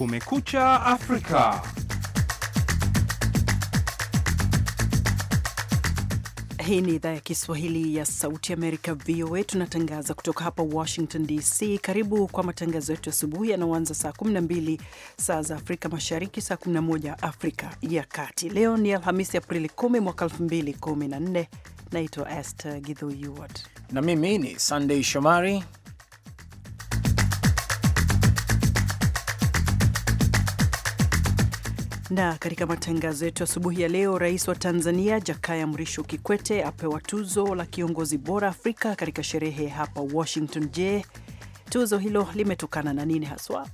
Kumekucha Afrika. Hii ni idhaa ya Kiswahili ya Sauti Amerika, VOA. Tunatangaza kutoka hapa Washington DC. Karibu kwa matangazo yetu asubuhi yanaoanza saa 12 saa za Afrika Mashariki, saa 11 Afrika ya Kati. Leo ni Alhamisi, Aprili 10 mwaka 2014. Naitwa Esther Gidhoyuwat na mimi ni sandey Shomari Na katika matangazo yetu asubuhi ya leo, rais wa Tanzania Jakaya Mrisho Kikwete apewa tuzo la kiongozi bora Afrika katika sherehe hapa Washington. Je, tuzo hilo limetokana na nini haswa?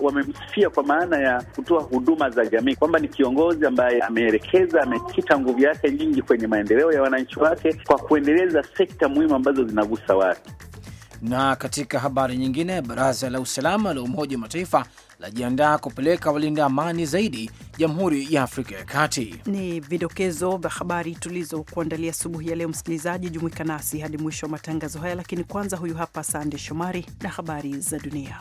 Wamemsifia kwa maana ya kutoa huduma za jamii, kwamba ni kiongozi ambaye ameelekeza, amekita nguvu yake nyingi kwenye maendeleo ya wananchi wake kwa kuendeleza sekta muhimu ambazo zinagusa watu. Na katika habari nyingine, baraza la usalama la Umoja wa Mataifa lajiandaa kupeleka walinda amani zaidi Jamhuri ya, Afrika ya Kati. Ni vidokezo vya habari tulizokuandalia asubuhi ya leo. Msikilizaji, jumuika nasi hadi mwisho wa matangazo haya, lakini kwanza, huyu hapa Sande Shomari na habari za dunia.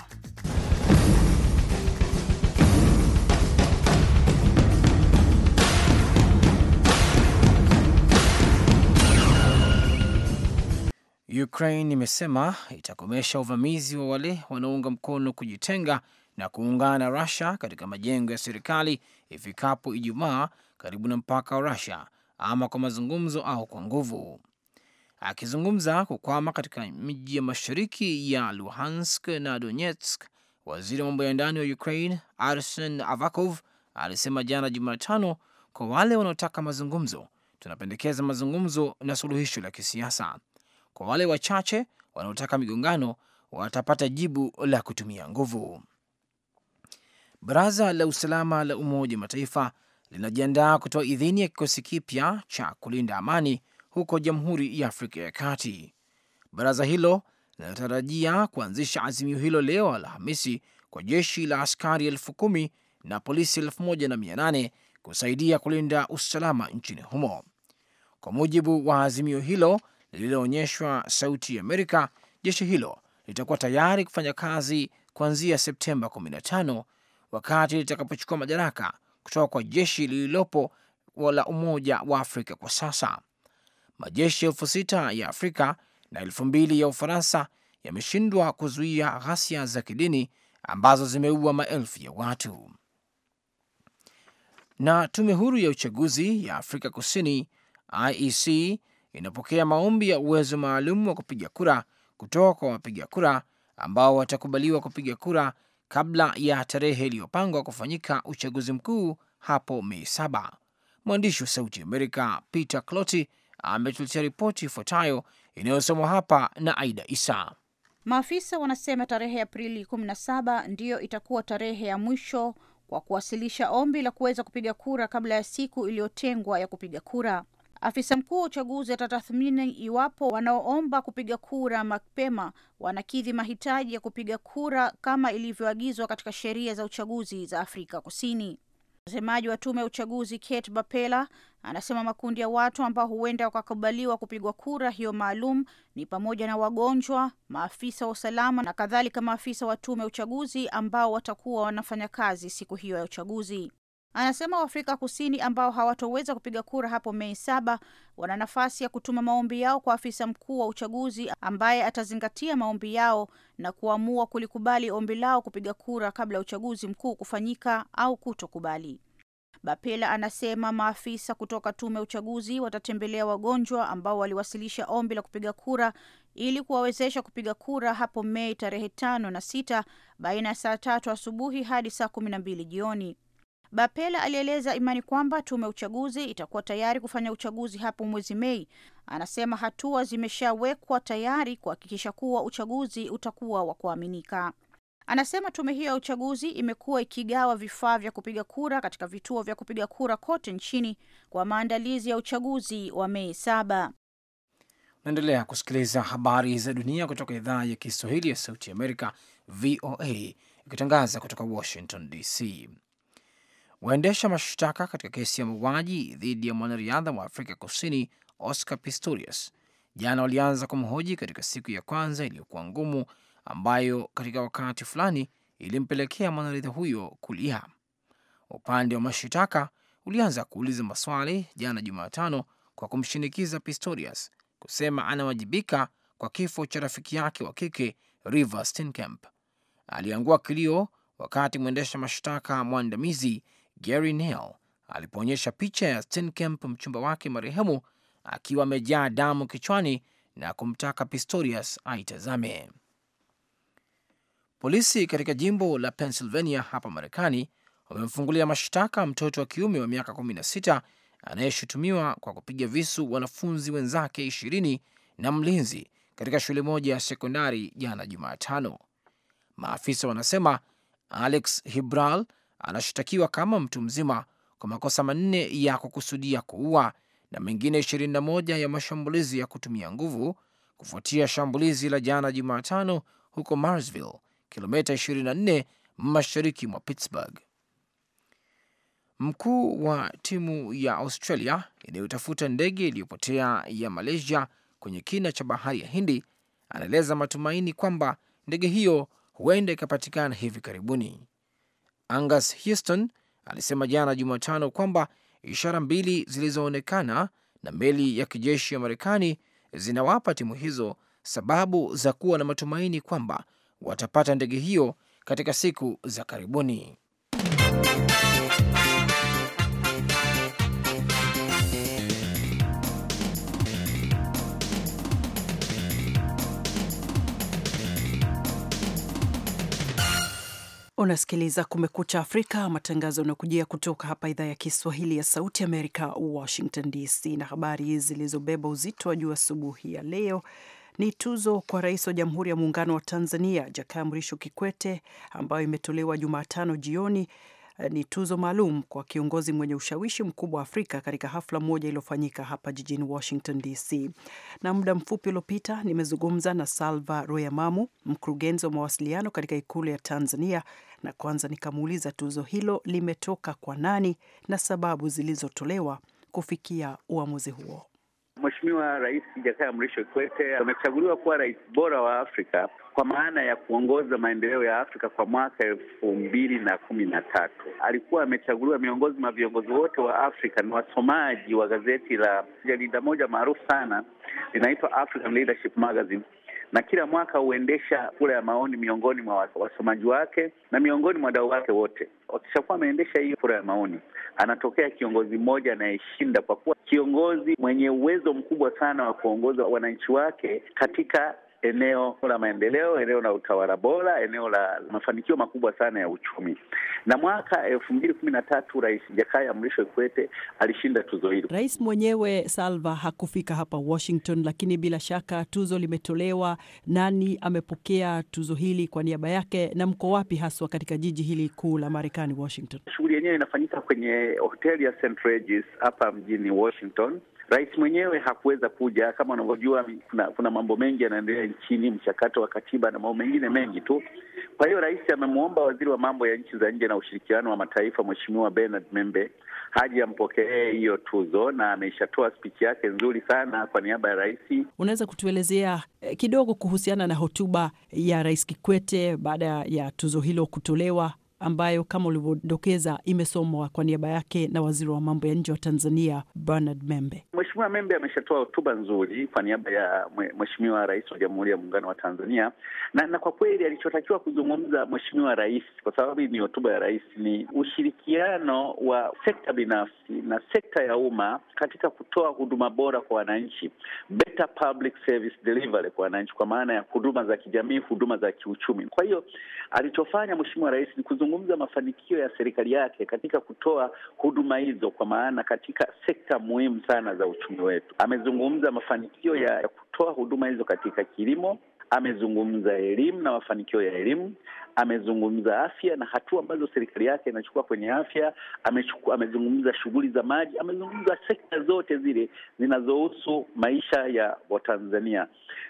Ukraine imesema itakomesha uvamizi wa wale wanaounga mkono kujitenga na kuungana na Rusia katika majengo ya serikali ifikapo Ijumaa karibu na mpaka wa Rusia, ama kwa mazungumzo au kwa nguvu. Akizungumza kukwama katika miji ya mashariki ya Luhansk na Donetsk, waziri wa mambo ya ndani wa Ukraine Arsen Avakov alisema jana Jumatano, kwa wale wanaotaka mazungumzo, tunapendekeza mazungumzo na suluhisho la kisiasa. Kwa wale wachache wanaotaka migongano, watapata jibu la kutumia nguvu. Baraza la Usalama la Umoja wa Mataifa linajiandaa kutoa idhini ya kikosi kipya cha kulinda amani huko Jamhuri ya Afrika ya Kati. Baraza hilo linatarajia kuanzisha azimio hilo leo Alhamisi kwa jeshi la askari elfu kumi na polisi elfu moja na mia nane kusaidia kulinda usalama nchini humo. Kwa mujibu wa azimio hilo lililoonyeshwa Sauti Amerika, jeshi hilo litakuwa tayari kufanya kazi kuanzia Septemba 15 wakati litakapochukua madaraka kutoka kwa jeshi lililopo la Umoja wa Afrika kwa sasa. Majeshi elfu sita ya Afrika na elfu mbili ya Ufaransa yameshindwa kuzuia ghasia za kidini ambazo zimeua maelfu ya watu. Na tume huru ya uchaguzi ya Afrika Kusini IEC inapokea maombi ya uwezo maalum wa kupiga kura kutoka kwa wapiga kura ambao watakubaliwa kupiga kura kabla ya tarehe iliyopangwa kufanyika uchaguzi mkuu hapo Mei saba. Mwandishi wa Sauti Amerika Peter Cloti ametuletea ripoti ifuatayo inayosomwa hapa na Aida Isa. Maafisa wanasema tarehe Aprili 17 ndiyo itakuwa tarehe ya mwisho kwa kuwasilisha ombi la kuweza kupiga kura kabla ya siku iliyotengwa ya kupiga kura. Afisa mkuu wa uchaguzi atatathmini iwapo wanaoomba kupiga kura mapema wanakidhi mahitaji ya kupiga kura kama ilivyoagizwa katika sheria za uchaguzi za Afrika Kusini. Msemaji wa tume ya uchaguzi Kate Bapela anasema makundi ya watu ambao huenda wakakubaliwa kupigwa kura hiyo maalum ni pamoja na wagonjwa, maafisa wa usalama na kadhalika, maafisa wa tume ya uchaguzi ambao watakuwa wanafanya kazi siku hiyo ya uchaguzi. Anasema Waafrika Kusini ambao hawatoweza kupiga kura hapo Mei saba wana nafasi ya kutuma maombi yao kwa afisa mkuu wa uchaguzi ambaye atazingatia maombi yao na kuamua kulikubali ombi lao kupiga kura kabla ya uchaguzi mkuu kufanyika au kutokubali. Bapela anasema maafisa kutoka tume ya uchaguzi watatembelea wagonjwa ambao waliwasilisha ombi la kupiga kura ili kuwawezesha kupiga kura hapo Mei tarehe tano na sita baina ya saa tatu asubuhi hadi saa kumi na mbili jioni. Bapela alieleza imani kwamba tume ya uchaguzi itakuwa tayari kufanya uchaguzi hapo mwezi Mei. Anasema hatua zimeshawekwa tayari kuhakikisha kuwa uchaguzi utakuwa wa kuaminika. Anasema tume hiyo ya uchaguzi imekuwa ikigawa vifaa vya kupiga kura katika vituo vya kupiga kura kote nchini kwa maandalizi ya uchaguzi wa Mei saba. Naendelea kusikiliza habari za dunia kutoka idhaa ya Kiswahili ya Sauti Amerika, VOA, ikitangaza kutoka Washington DC. Waendesha mashtaka katika kesi ya mauaji dhidi ya mwanariadha wa Afrika Kusini Oscar Pistorius jana walianza kumhoji katika siku ya kwanza iliyokuwa ngumu, ambayo katika wakati fulani ilimpelekea mwanariadha huyo kulia. Upande wa mashitaka ulianza kuuliza maswali jana Jumatano kwa kumshinikiza Pistorius kusema anawajibika kwa kifo cha rafiki yake wa kike River Steenkamp. Aliangua kilio wakati mwendesha mashtaka mwandamizi Gary Neal alipoonyesha picha ya Steenkamp, mchumba wake marehemu, akiwa amejaa damu kichwani na kumtaka Pistorius aitazame. Polisi katika jimbo la Pennsylvania hapa Marekani wamemfungulia mashtaka mtoto wa kiume wa miaka 16 anayeshutumiwa kwa kupiga visu wanafunzi wenzake ishirini na mlinzi katika shule moja ya sekondari jana Jumatano. Maafisa wanasema Alex Hibral anashtakiwa kama mtu mzima kwa makosa manne ya kukusudia kuua na mengine 21 ya mashambulizi ya kutumia nguvu kufuatia shambulizi la jana Jumatano huko Marsville, kilomita 24 mashariki mwa Pittsburgh. Mkuu wa timu ya Australia inayotafuta ndege iliyopotea ya Malaysia kwenye kina cha bahari ya Hindi anaeleza matumaini kwamba ndege hiyo huenda ikapatikana hivi karibuni. Angus Houston alisema jana Jumatano kwamba ishara mbili zilizoonekana na meli ya kijeshi ya Marekani zinawapa timu hizo sababu za kuwa na matumaini kwamba watapata ndege hiyo katika siku za karibuni. Unasikiliza Kumekucha Afrika, matangazo yanakujia kutoka hapa idhaa ya Kiswahili ya Sauti Amerika, Washington DC. Na habari zilizobeba uzito wa juu asubuhi ya leo ni tuzo kwa rais wa Jamhuri ya Muungano wa Tanzania Jakaya Mrisho Kikwete ambayo imetolewa Jumatano jioni. Eh, ni tuzo maalum kwa kiongozi mwenye ushawishi mkubwa wa Afrika katika hafla moja iliyofanyika hapa jijini Washington DC. Na muda mfupi uliopita nimezungumza na Salva Royamamu, mkurugenzi wa mawasiliano katika Ikulu ya Tanzania, na kwanza nikamuuliza tuzo hilo limetoka kwa nani na sababu zilizotolewa kufikia uamuzi huo. Mheshimiwa Rais Jakaya Mrisho Kikwete amechaguliwa kuwa rais bora wa Afrika kwa maana ya kuongoza maendeleo ya Afrika kwa mwaka elfu mbili na kumi na tatu. Alikuwa amechaguliwa miongoni mwa viongozi wote wa Afrika. Ni wasomaji wa gazeti la jarida moja maarufu sana linaitwa African Leadership Magazine na kila mwaka huendesha kura ya maoni miongoni mwa wasomaji wake na miongoni mwa wadau wake wote. Wakishakuwa ameendesha hiyo kura ya maoni, anatokea kiongozi mmoja anayeshinda, kwa kuwa kiongozi mwenye uwezo mkubwa sana wa kuongoza wananchi wake katika eneo la maendeleo, eneo la utawala bora, eneo la mafanikio makubwa sana ya uchumi. Na mwaka elfu mbili kumi na tatu Rais Jakaya Mrisho Kikwete alishinda tuzo hilo. Rais mwenyewe Salva hakufika hapa Washington, lakini bila shaka tuzo limetolewa. Nani amepokea tuzo hili kwa niaba yake na mko wapi haswa katika jiji hili kuu la Marekani, Washington? Shughuli yenyewe inafanyika kwenye hoteli ya St Regis hapa mjini Washington. Rais mwenyewe hakuweza kuja, kama unavyojua, kuna, kuna mambo mengi yanaendelea nchini, mchakato wa katiba na mambo mengine mengi tu. Kwa hiyo rais amemwomba waziri wa mambo ya nchi za nje na ushirikiano wa mataifa Mheshimiwa Bernard Membe haji ampokee hiyo tuzo, na ameshatoa spichi yake nzuri sana kwa niaba ya rais. Unaweza kutuelezea eh, kidogo kuhusiana na hotuba ya Rais Kikwete baada ya tuzo hilo kutolewa? ambayo kama ulivyodokeza imesomwa kwa niaba yake na waziri wa mambo ya nje wa Tanzania Bernard Membe. Mheshimiwa Membe ameshatoa hotuba nzuri kwa niaba ya Mheshimiwa Rais wa Jamhuri ya Muungano wa Tanzania na, na kwa kweli alichotakiwa kuzungumza Mheshimiwa Rais, kwa sababu ni hotuba ya rais, ni ushirikiano wa sekta binafsi na sekta ya umma katika kutoa huduma bora kwa wananchi, better public service delivery kwa wananchi, kwa maana ya huduma za kijamii, huduma za kiuchumi. Kwa hiyo alichofanya Mheshimiwa Rais ni kuzungumza mafanikio ya serikali yake katika kutoa huduma hizo, kwa maana katika sekta muhimu sana za uchumi wetu. Amezungumza mafanikio ya kutoa huduma hizo katika kilimo, amezungumza elimu na mafanikio ya elimu, amezungumza afya na hatua ambazo serikali yake inachukua kwenye afya. Amechukua, amezungumza shughuli za maji, amezungumza sekta zote zile zinazohusu maisha ya Watanzania,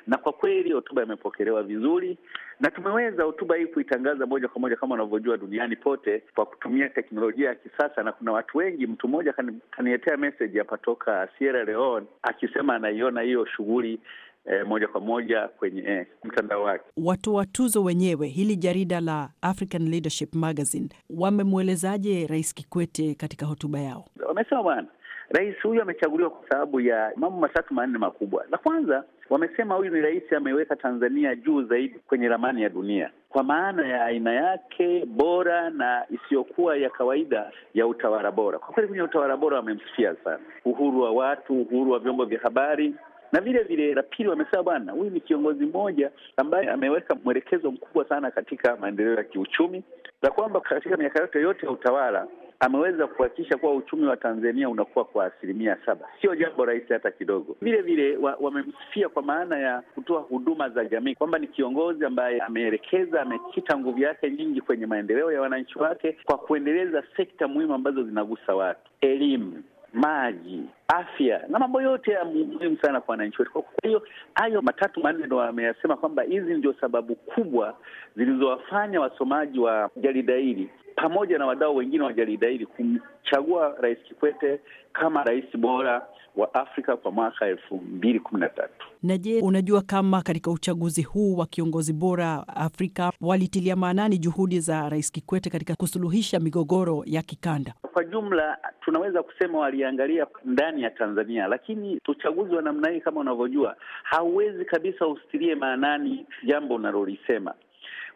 na kwa kweli hotuba imepokelewa vizuri na tumeweza hotuba hii kuitangaza moja kwa moja kama unavyojua duniani pote kwa kutumia teknolojia ya kisasa. Na kuna watu wengi, mtu mmoja kaniletea meseji hapa toka Sierra Leone akisema anaiona hiyo shughuli eh, moja kwa moja kwenye eh, mtandao wake. Watoa tuzo wenyewe, hili jarida la African Leadership Magazine, wamemwelezaje Rais Kikwete katika hotuba yao? Wamesema bwana rais huyu amechaguliwa kwa sababu ya mambo matatu manne makubwa. La kwanza wamesema huyu ni rais ameweka Tanzania juu zaidi kwenye ramani ya dunia kwa maana ya aina yake bora na isiyokuwa ya kawaida ya utawala bora. Kwa kweli kwenye utawala bora wamemsifia sana, uhuru wa watu, uhuru wa vyombo vya habari, na vile vile la pili, wamesema bwana, huyu ni kiongozi mmoja ambaye ameweka mwelekezo mkubwa sana katika maendeleo ya kiuchumi, la kwamba katika miaka yote yote ya utawala ameweza kuhakikisha kuwa uchumi wa Tanzania unakuwa kwa asilimia saba. Sio jambo rahisi hata kidogo. Vile vile wamemsifia wa kwa maana ya kutoa huduma za jamii, kwamba ni kiongozi ambaye ameelekeza, amekita nguvu yake nyingi kwenye maendeleo ya wananchi wake kwa kuendeleza sekta muhimu ambazo zinagusa watu, elimu maji, afya na mambo yote ya muhimu sana kwa wananchi wetu. Kwa hiyo hayo matatu manne ndo wameyasema kwamba hizi ndio sababu kubwa zilizowafanya wasomaji wa jarida hili pamoja na wadau wengine wa jarida hili kumchagua Rais Kikwete kama rais bora wa Afrika kwa mwaka elfu mbili kumi na tatu. Na je, unajua kama katika uchaguzi huu wa kiongozi bora Afrika walitilia maanani juhudi za Rais Kikwete katika kusuluhisha migogoro ya kikanda? kwa jumla tunaweza kusema waliangalia ndani ya Tanzania, lakini uchaguzi wa namna hii kama unavyojua, hauwezi kabisa usitilie maanani jambo unalolisema.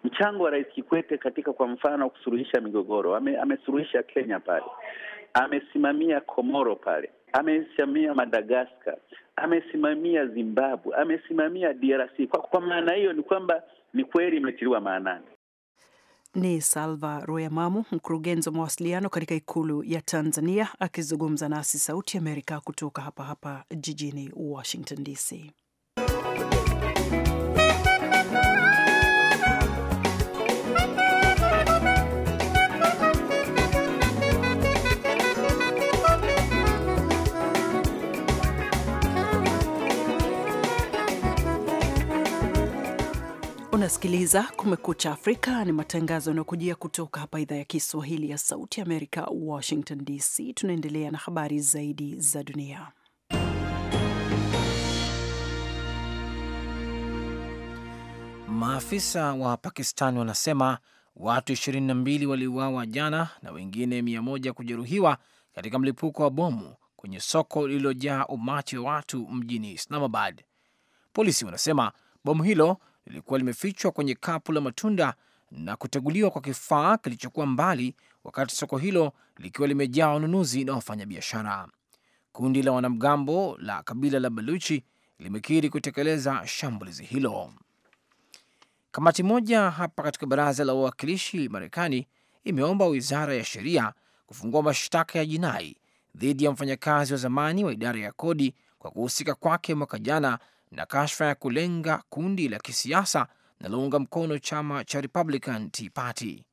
Mchango wa Rais Kikwete katika kwa mfano kusuluhisha migogoro, amesuluhisha ame Kenya pale, amesimamia Komoro pale, amesimamia Madagaskar, amesimamia Zimbabwe, amesimamia DRC. Kwa, kwa maana hiyo ni kwamba ni kweli imetiliwa maanani. Ni Salva Ruemamu, mkurugenzi wa mawasiliano katika Ikulu ya Tanzania, akizungumza nasi Sauti Amerika kutoka hapa hapa jijini Washington DC. unasikiliza Kumekucha Afrika, ni matangazo yanayokujia kutoka hapa idhaa ya Kiswahili ya Sauti ya Amerika, Washington DC. Tunaendelea na habari zaidi za dunia. Maafisa wa Pakistan wanasema watu 22 waliuawa jana na wengine 100 kujeruhiwa katika mlipuko wa bomu kwenye soko lililojaa umati wa watu mjini Islamabad. Polisi wanasema bomu hilo lilikuwa limefichwa kwenye kapu la matunda na kuteguliwa kwa kifaa kilichokuwa mbali, wakati soko hilo likiwa limejaa wanunuzi na wafanyabiashara. Kundi la wanamgambo la kabila la Baluchi limekiri kutekeleza shambulizi hilo. Kamati moja hapa katika baraza la wawakilishi Marekani imeomba wizara ya sheria kufungua mashtaka ya jinai dhidi ya mfanyakazi wa zamani wa idara ya kodi kwa kuhusika kwake mwaka jana na kashfa ya kulenga kundi la kisiasa linalounga mkono chama cha Republican Tea Party.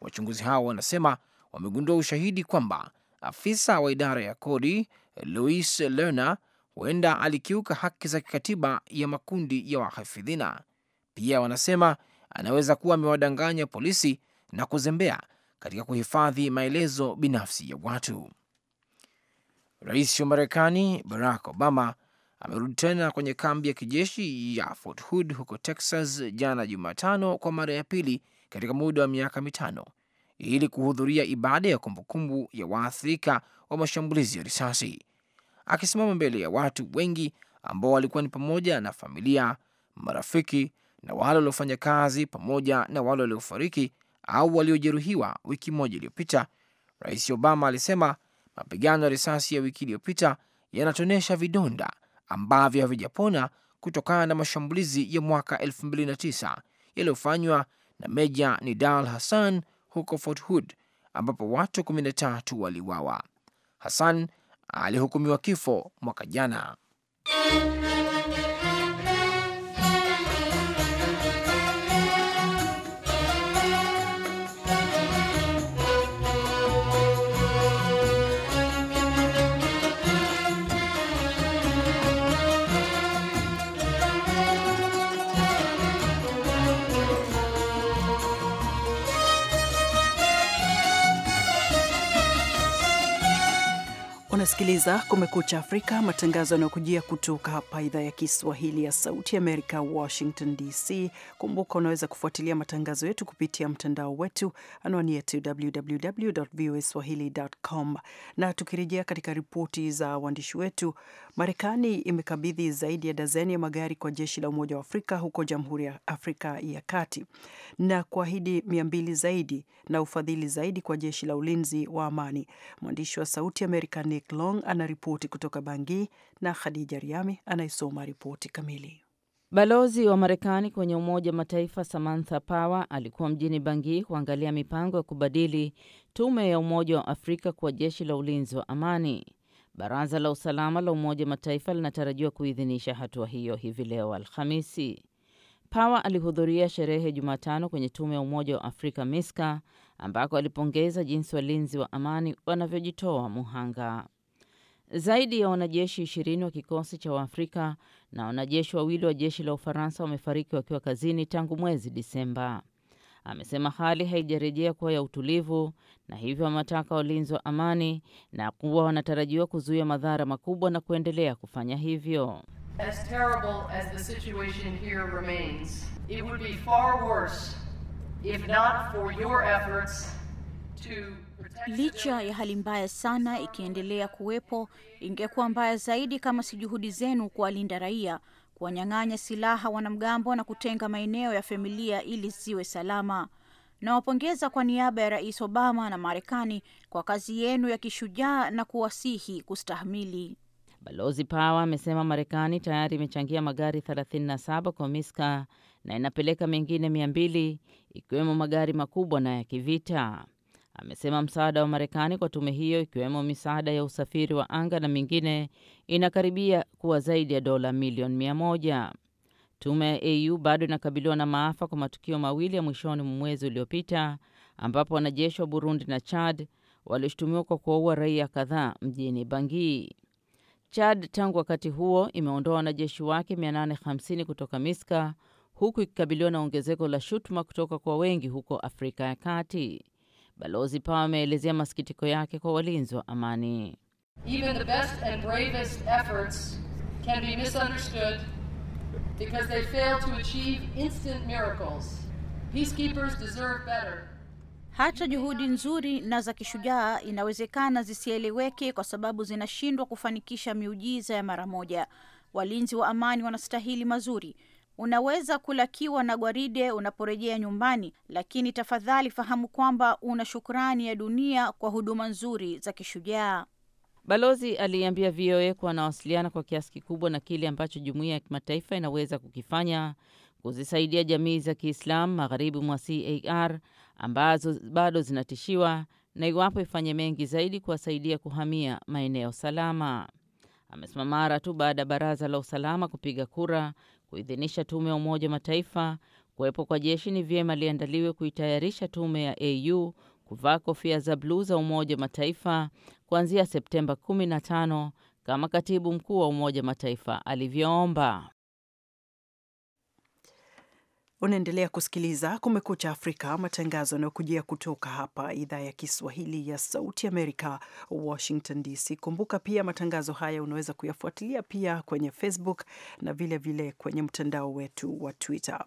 Wachunguzi hao wanasema wamegundua ushahidi kwamba afisa wa idara ya kodi Louis Lerner huenda alikiuka haki za kikatiba ya makundi ya wahafidhina. Pia wanasema anaweza kuwa amewadanganya polisi na kuzembea katika kuhifadhi maelezo binafsi ya watu. Rais wa Marekani Barack Obama amerudi tena kwenye kambi ya kijeshi ya Fort Hood huko Texas jana Jumatano kwa mara ya pili katika muda wa miaka mitano ili kuhudhuria ibada ya kumbukumbu ya waathirika wa mashambulizi ya risasi, akisimama mbele ya watu wengi ambao walikuwa ni pamoja na familia, marafiki na wale waliofanya kazi pamoja na wale waliofariki au waliojeruhiwa. Wiki moja iliyopita, Rais Obama alisema mapigano ya risasi ya wiki iliyopita yanatonesha vidonda ambavyo havijapona kutokana na mashambulizi ya mwaka 2009 yaliyofanywa na Meja Nidal Hassan huko Fort Hood ambapo watu 13 waliuawa. Hassan alihukumiwa kifo mwaka jana. Unasikiliza Kumekucha Afrika, matangazo yanayokujia kutoka hapa idhaa ya Kiswahili ya Sauti ya Amerika, Washington DC. Kumbuka unaweza kufuatilia matangazo yetu kupitia mtandao wetu, anwani yetu www voa swahili.com. Na tukirejea katika ripoti za waandishi wetu, Marekani imekabidhi zaidi ya dazeni ya magari kwa jeshi la Umoja wa Afrika huko Jamhuri ya Afrika ya Kati na kuahidi mia mbili zaidi na ufadhili zaidi kwa jeshi la ulinzi wa amani. Mwandishi wa Sauti Amerika ni Mike Long anaripoti kutoka bangi na Khadija Riami anaisoma ripoti kamili. Balozi wa Marekani kwenye Umoja wa Mataifa Samantha Power alikuwa mjini bangi kuangalia mipango ya kubadili tume ya Umoja wa Afrika kuwa jeshi la ulinzi wa amani. Baraza la Usalama la Umoja wa Mataifa linatarajiwa kuidhinisha hatua hiyo hivi leo Alhamisi. Power alihudhuria sherehe Jumatano kwenye tume ya Umoja wa Afrika MISCA ambako alipongeza jinsi walinzi wa amani wanavyojitoa muhanga. Zaidi ya wanajeshi ishirini wa kikosi cha Waafrika na wanajeshi wawili wa jeshi la Ufaransa wamefariki wakiwa kazini tangu mwezi Disemba. Amesema hali haijarejea kuwa ya utulivu, na hivyo wametaka walinzi wa amani na kuwa wanatarajiwa kuzuia madhara makubwa na kuendelea kufanya hivyo. As terrible as the situation here remains, it would be far worse if not for your efforts to Licha ya hali mbaya sana ikiendelea kuwepo, ingekuwa mbaya zaidi kama si juhudi zenu kuwalinda raia, kuwanyang'anya silaha wanamgambo na kutenga maeneo ya familia ili ziwe salama. Nawapongeza kwa niaba ya Rais Obama na Marekani kwa kazi yenu ya kishujaa na kuwasihi kustahamili. Balozi Pawa amesema Marekani tayari imechangia magari 37 kwa Miska na inapeleka mengine 200 ikiwemo magari makubwa na ya kivita. Amesema msaada wa Marekani kwa tume hiyo, ikiwemo misaada ya usafiri wa anga na mingine, inakaribia kuwa zaidi ya dola milioni mia moja. Tume ya AU bado inakabiliwa na maafa kwa matukio mawili ya mwishoni mwa mwezi uliopita ambapo wanajeshi wa Burundi na Chad walishutumiwa kwa kuwaua raia kadhaa mjini Bangui. Chad tangu wakati huo imeondoa wanajeshi wake 850 kutoka Miska, huku ikikabiliwa na ongezeko la shutuma kutoka kwa wengi huko Afrika ya Kati. Balozi Pao ameelezea masikitiko yake kwa walinzi wa amani. Even the best and bravest efforts can be misunderstood because they fail to achieve instant miracles. Peacekeepers deserve better. Hata juhudi nzuri na za kishujaa inawezekana zisieleweke kwa sababu zinashindwa kufanikisha miujiza ya mara moja. Walinzi wa amani wanastahili mazuri. Unaweza kulakiwa na gwaride unaporejea nyumbani, lakini tafadhali fahamu kwamba una shukrani ya dunia kwa huduma nzuri za kishujaa. Balozi aliambia VOA kuwa anawasiliana kwa kiasi kikubwa na kile ambacho jumuiya ya kimataifa inaweza kukifanya kuzisaidia jamii za Kiislamu magharibi mwa CAR ambazo bado zinatishiwa na iwapo ifanye mengi zaidi kuwasaidia kuhamia maeneo salama. Amesimama mara tu baada ya baraza la usalama kupiga kura kuidhinisha tume ya Umoja wa Mataifa kuwepo kwa jeshi ni vyema liandaliwe kuitayarisha tume ya AU kuvaa kofia za bluu za Umoja wa Mataifa kuanzia Septemba 15 kama katibu mkuu wa Umoja wa Mataifa alivyoomba. Unaendelea kusikiliza Kumekucha Afrika, matangazo yanayokujia kutoka hapa idhaa ya Kiswahili ya Sauti Amerika, Washington DC. Kumbuka pia matangazo haya unaweza kuyafuatilia pia kwenye Facebook na vilevile vile kwenye mtandao wetu wa Twitter.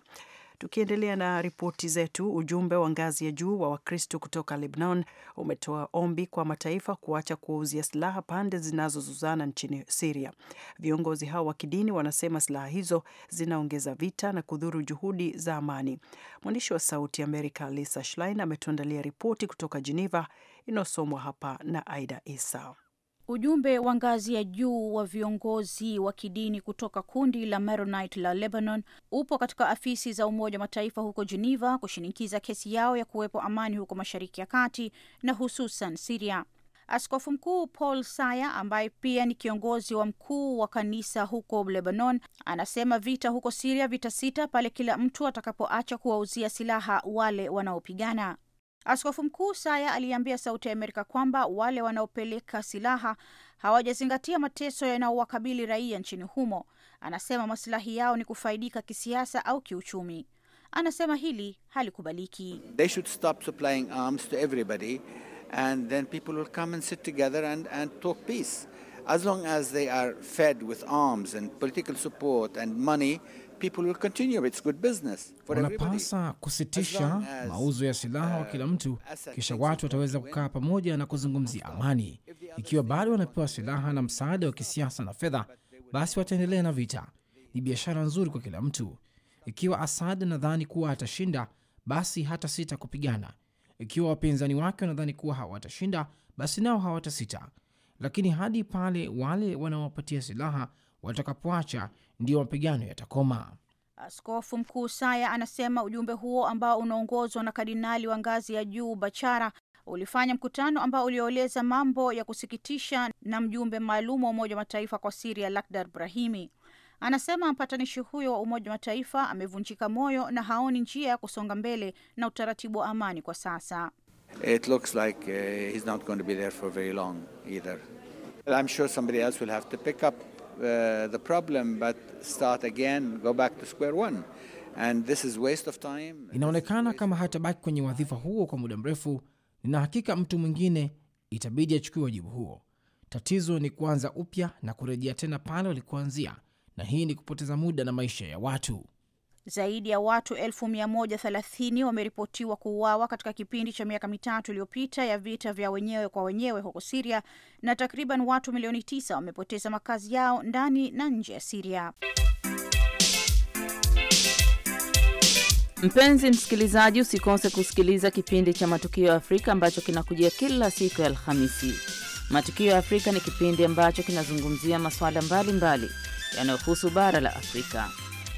Tukiendelea na ripoti zetu, ujumbe wa ngazi ya juu wa Wakristo kutoka Lebanon umetoa ombi kwa mataifa kuacha kuwauzia silaha pande zinazozuzana nchini Siria. Viongozi hao wa kidini wanasema silaha hizo zinaongeza vita na kudhuru juhudi za amani. Mwandishi wa Sauti Amerika Lisa Schlein ametuandalia ripoti kutoka Geneva inayosomwa hapa na Aida Isa. Ujumbe wa ngazi ya juu wa viongozi wa kidini kutoka kundi la Maronite la Lebanon upo katika afisi za Umoja wa Mataifa huko Geneva kushinikiza kesi yao ya kuwepo amani huko Mashariki ya Kati na hususan Siria. Askofu Mkuu Paul Saya ambaye pia ni kiongozi wa mkuu wa kanisa huko Lebanon anasema vita huko Siria vitasita pale kila mtu atakapoacha kuwauzia silaha wale wanaopigana. Askofu Mkuu Saya aliambia Sauti ya Amerika kwamba wale wanaopeleka silaha hawajazingatia mateso yanaowakabili raia nchini humo. Anasema masilahi yao ni kufaidika kisiasa au kiuchumi. Anasema hili halikubaliki. They should stop supplying arms to everybody and then people will come and sit together and, and talk peace as long as they are fed with arms and political support and money Wanapasa kusitisha mauzo ya silaha kwa kila mtu, uh, kisha watu wataweza kukaa pamoja na kuzungumzia amani. Ikiwa bado wanapewa silaha na msaada wa kisiasa na fedha, basi wataendelea na vita. Ni biashara nzuri kwa kila mtu. Ikiwa Asad nadhani kuwa atashinda, basi hata sita kupigana. Ikiwa wapinzani wake wanadhani kuwa hawatashinda, basi nao hawatasita, lakini hadi pale wale wanaowapatia silaha watakapoacha ndiyo mapigano yatakoma. Askofu mkuu Saya anasema ujumbe huo ambao unaongozwa na kardinali wa ngazi ya juu Bachara ulifanya mkutano ambao ulioeleza mambo ya kusikitisha na mjumbe maalum wa Umoja wa Mataifa kwa Siria Lakhdar Brahimi. Anasema mpatanishi huyo wa Umoja wa Mataifa amevunjika moyo na haoni njia ya kusonga mbele na utaratibu wa amani kwa sasa. It looks like, uh, he's not going to be there for very long either. I'm sure somebody else will have to pick up Uh, the problem but start again, go back to square one. And this is waste of time. Inaonekana kama hatabaki kwenye wadhifa huo kwa muda mrefu, nina hakika mtu mwingine itabidi achukue wajibu huo. Tatizo ni kuanza upya na kurejea tena pale walikuanzia, na hii ni kupoteza muda na maisha ya watu. Zaidi ya watu elfu mia moja thelathini wameripotiwa kuuawa katika kipindi cha miaka mitatu iliyopita ya vita vya wenyewe kwa wenyewe huko Siria, na takriban watu milioni tisa wamepoteza makazi yao ndani na nje ya Siria. Mpenzi msikilizaji, usikose kusikiliza kipindi cha Matukio ya Afrika ambacho kinakujia kila siku ya Alhamisi. Matukio ya Afrika ni kipindi ambacho kinazungumzia masuala mbalimbali yanayohusu bara la Afrika.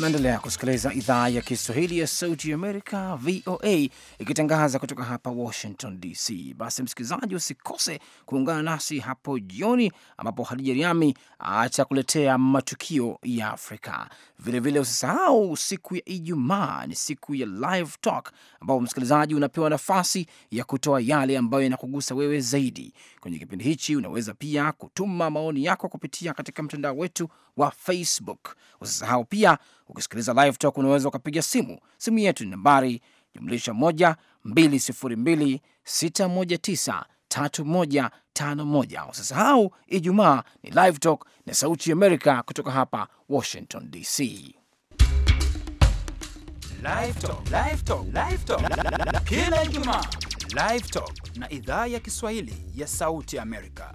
Naendelea kusikiliza idhaa ya Kiswahili ya Sauti ya Amerika, VOA, ikitangaza kutoka hapa Washington DC. Basi msikilizaji, usikose kuungana nasi hapo jioni, ambapo Hadija Riami atakuletea matukio ya Afrika. Vilevile usisahau siku ya Ijumaa ni siku ya Live Talk, ambapo msikilizaji unapewa nafasi ya kutoa yale ambayo yanakugusa wewe zaidi. Kwenye kipindi hichi unaweza pia kutuma maoni yako kupitia katika mtandao wetu wa Facebook. Usisahau pia, ukisikiliza live talk, unaweza ukapiga simu. Simu yetu ni nambari jumlisha 1 202 Usisahau Ijumaa ni live talk na Sauti ya Amerika kutoka hapa Washington DC. Kila Ijumaa live talk na idhaa ya Kiswahili ya Sauti Amerika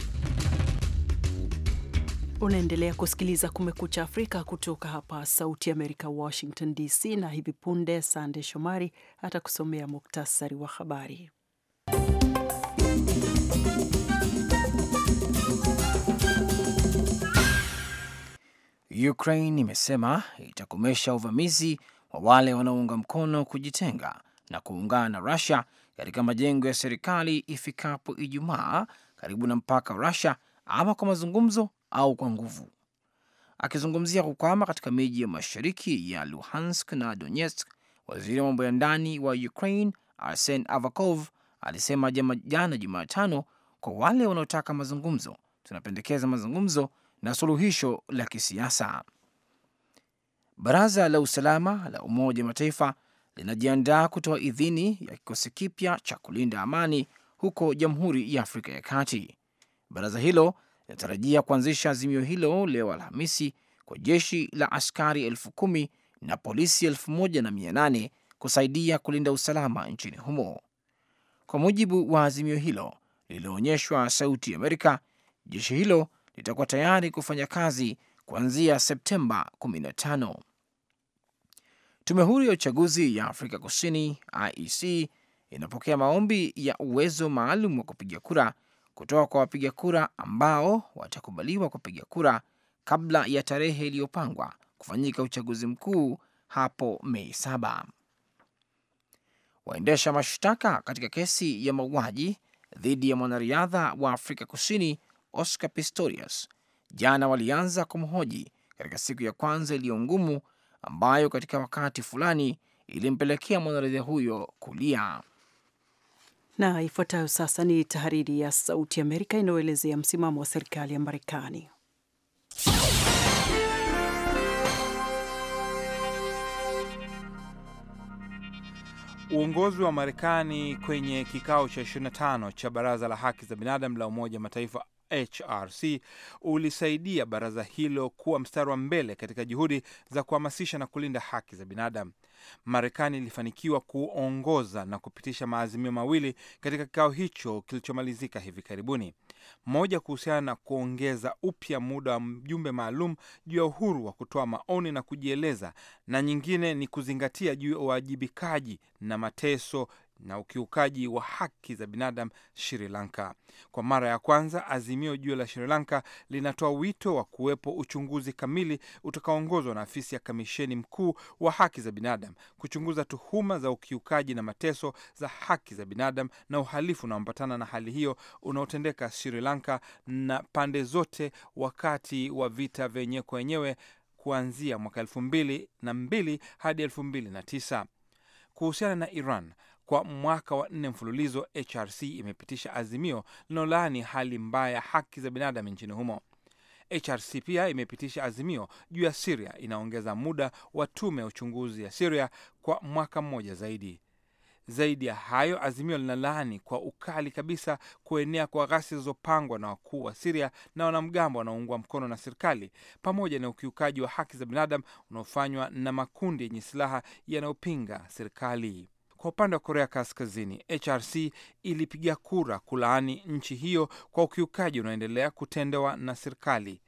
Unaendelea kusikiliza Kumekucha Afrika kutoka hapa Sauti ya Amerika, Washington DC, na hivi punde Sande Shomari atakusomea muktasari wa habari. Ukraine imesema itakomesha uvamizi wa wale wanaounga mkono kujitenga na kuungana na rusia katika majengo ya serikali ifikapo Ijumaa karibu na mpaka wa rusia ama kwa mazungumzo au kwa nguvu. Akizungumzia kukwama katika miji ya mashariki ya Luhansk na Donetsk, waziri wa mambo ya ndani wa Ukraine Arsen Avakov alisema jana Jumatano, kwa wale wanaotaka mazungumzo, tunapendekeza mazungumzo na suluhisho la kisiasa. Baraza la usalama la Umoja wa Mataifa linajiandaa kutoa idhini ya kikosi kipya cha kulinda amani huko Jamhuri ya Afrika ya Kati. Baraza hilo inatarajia kuanzisha azimio hilo leo Alhamisi kwa jeshi la askari elfu kumi na polisi elfu moja na mia nane kusaidia kulinda usalama nchini humo. Kwa mujibu wa azimio hilo lililoonyeshwa Sauti Amerika, jeshi hilo litakuwa tayari kufanya kazi kuanzia Septemba 15. Tume huru ya uchaguzi ya Afrika Kusini, IEC, inapokea maombi ya uwezo maalum wa kupiga kura kutoka kwa wapiga kura ambao watakubaliwa kupiga kura kabla ya tarehe iliyopangwa kufanyika uchaguzi mkuu hapo Mei saba. Waendesha mashtaka katika kesi ya mauaji dhidi ya mwanariadha wa Afrika Kusini Oscar Pistorius jana walianza kumhoji katika siku ya kwanza iliyo ngumu ambayo katika wakati fulani ilimpelekea mwanariadha huyo kulia. Na ifuatayo sasa ni tahariri ya Sauti Amerika inayoelezea msimamo wa serikali ya Marekani. Uongozi wa Marekani kwenye kikao cha 25 cha Baraza la Haki za Binadamu la Umoja wa Mataifa HRC ulisaidia baraza hilo kuwa mstari wa mbele katika juhudi za kuhamasisha na kulinda haki za binadamu. Marekani ilifanikiwa kuongoza na kupitisha maazimio mawili katika kikao hicho kilichomalizika hivi karibuni, moja kuhusiana na kuongeza upya muda wa mjumbe maalum juu ya uhuru wa kutoa maoni na kujieleza, na nyingine ni kuzingatia juu ya uwajibikaji na mateso na ukiukaji wa haki za binadamu Sri Lanka. Kwa mara ya kwanza, azimio juu la Sri Lanka linatoa wito wa kuwepo uchunguzi kamili utakaoongozwa na afisi ya kamisheni mkuu wa haki za binadamu kuchunguza tuhuma za ukiukaji na mateso za haki za binadamu na uhalifu unaoambatana na hali hiyo unaotendeka Sri Lanka na pande zote wakati wa vita vyenyewe kwa wenyewe kuanzia mwaka elfu mbili na mbili hadi elfu mbili na tisa. Kuhusiana na Iran, kwa mwaka wa nne mfululizo, HRC imepitisha azimio linalolaani hali mbaya ya haki za binadamu nchini humo. HRC pia imepitisha azimio juu ya Siria, inaongeza muda wa tume ya uchunguzi ya Siria kwa mwaka mmoja zaidi. Zaidi ya hayo, azimio linalaani kwa ukali kabisa kuenea kwa ghasia zilizopangwa na wakuu wa Siria na wanamgambo wanaoungwa mkono na serikali pamoja na ukiukaji wa haki za binadamu unaofanywa na makundi yenye silaha yanayopinga serikali. Kwa upande wa Korea Kaskazini, HRC ilipiga kura kulaani nchi hiyo kwa ukiukaji unaoendelea kutendewa na serikali.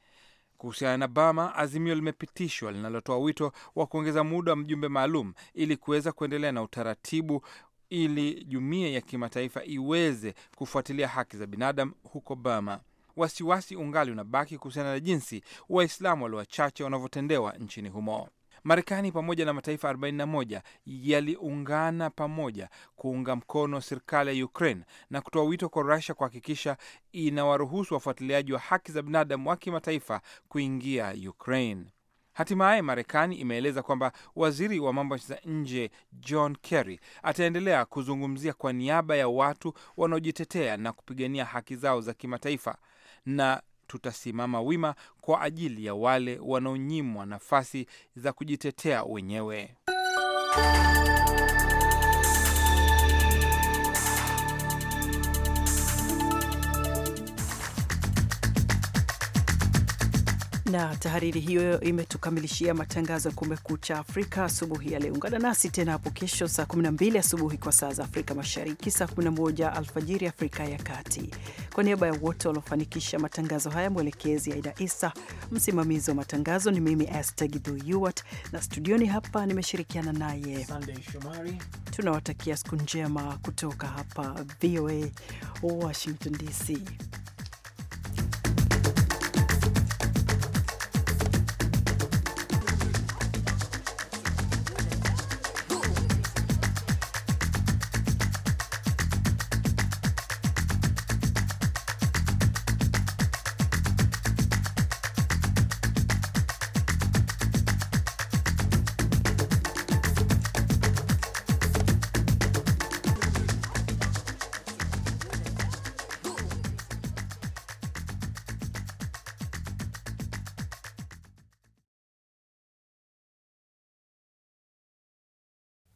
Kuhusiana na Bama, azimio limepitishwa linalotoa wito wa kuongeza muda wa mjumbe maalum ili kuweza kuendelea na utaratibu ili jumuiya ya kimataifa iweze kufuatilia haki za binadamu huko Bama. Wasiwasi ungali unabaki kuhusiana na jinsi Waislamu walio wachache wanavyotendewa nchini humo. Marekani pamoja na mataifa 41 yaliungana pamoja kuunga mkono serikali ya Ukraine na kutoa wito kwa Russia kuhakikisha inawaruhusu wafuatiliaji wa haki za binadamu wa kimataifa kuingia Ukraine. Hatimaye Marekani imeeleza kwamba waziri wa mambo ya za nje John Kerry ataendelea kuzungumzia kwa niaba ya watu wanaojitetea na kupigania haki zao za kimataifa na tutasimama wima kwa ajili ya wale wanaonyimwa nafasi za kujitetea wenyewe. na tahariri hiyo imetukamilishia matangazo ya Kumekucha Afrika asubuhi ya leo. Ungana nasi tena hapo kesho saa 12 asubuhi kwa saa za Afrika Mashariki, saa 11 alfajiri Afrika ya Kati. Kwa niaba ya wote waliofanikisha matangazo haya, mwelekezi Aida Isa, msimamizi wa matangazo ni mimi Esther Githyuwat, na studioni hapa nimeshirikiana naye Sunday Shomari. Tunawatakia siku njema kutoka hapa VOA Washington DC.